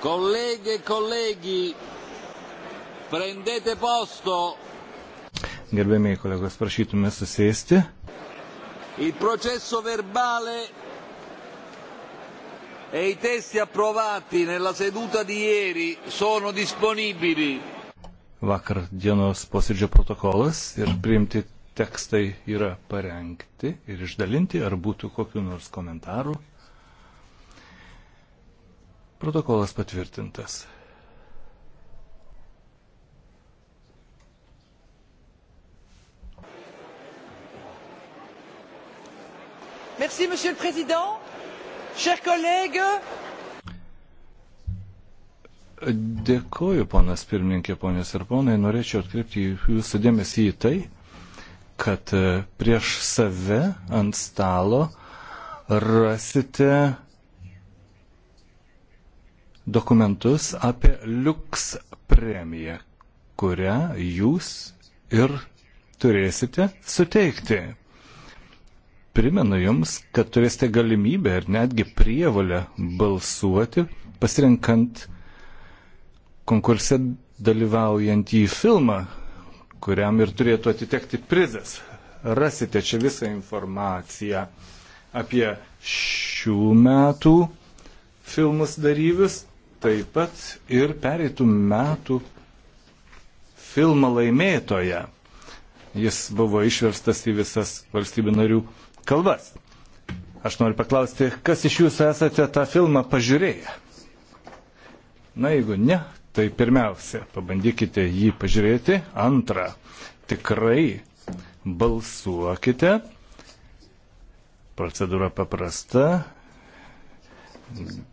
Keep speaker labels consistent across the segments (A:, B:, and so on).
A: Colleghe e colleghi, prendete posto.
B: Gerbėmiai kolegos, prašytume susėsti.
A: Il processo verbale e i testi approvati nella seduta di ieri sono disponibili.
B: Vakar dienos posėdžio protokolas ir priimti tekstai yra parengti ir išdalinti, ar būtų kokiu nors komentaru. Protokolas patvirtintas. Merci,
A: Monsieur le Président. Chers collègues.
B: Dėkoju, ponas pirmininkė, ponės ir ponai. Norėčiau atkreipti jūsų dėmesį į tai, kad e, prieš save ant stalo rasite dokumentus apie Liuks premiją, kurią jūs ir turėsite suteikti. Primenu Jums, kad turėsite galimybę ir netgi prievalę balsuoti, pasirinkant konkurse dalyvaujantį filmą, kuriam ir turėtų atitekti prizas. Rasite čia visą informaciją apie šių metų filmus dalyvius taip pat ir pereitų metų filmo laimėtoja. Jis buvo išverstas į visas valstybių narių kalbas. Aš noriu paklausti, kas iš jūsų esate tą filmą pažiūrėję? Na, jeigu ne, tai pirmiausia, pabandykite jį pažiūrėti. Antra, tikrai balsuokite. Procedūra paprasta.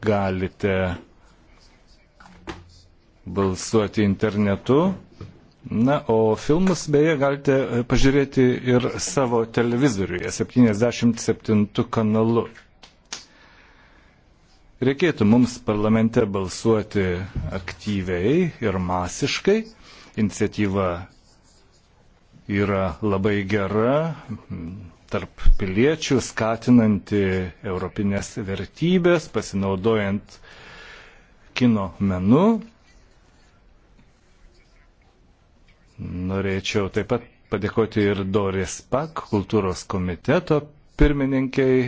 B: Galite balsuoti internetu. Na, o filmus beje galite e, pažiūrėti ir savo televizoriuje 77 kanalu. Reikėtų mums parlamente balsuoti aktyviai ir masiškai. Iniciatyva yra labai gera, tarp piliečių, skatinanti europinės vertybės, pasinaudojant kino menu. Norėčiau taip pat padėkoti ir Doris Pak, kultūros komiteto pirmininkiai,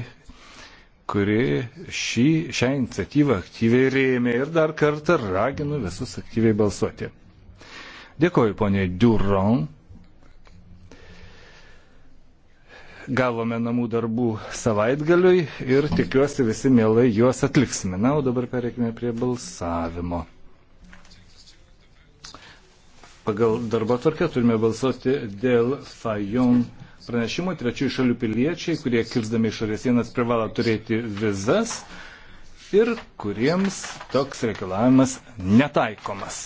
B: kuri šį, šią iniciatyvą aktyviai rėmė ir dar kartą raginu visus aktyviai balsuoti. Dėkoju poniai Duron. Gavome namų darbų savaitgaliui ir tikiuosi visi mielai juos atliksime. Na, o dabar pereikime prie balsavimo. Pagal darbo tvarkę turime balsuoti dėl Fajon pranešimo. Trečiųjų šalių piliečiai, kurie kirsdami išorės sienas privalo turėti vizas ir kuriems toks reikalavimas netaikomas.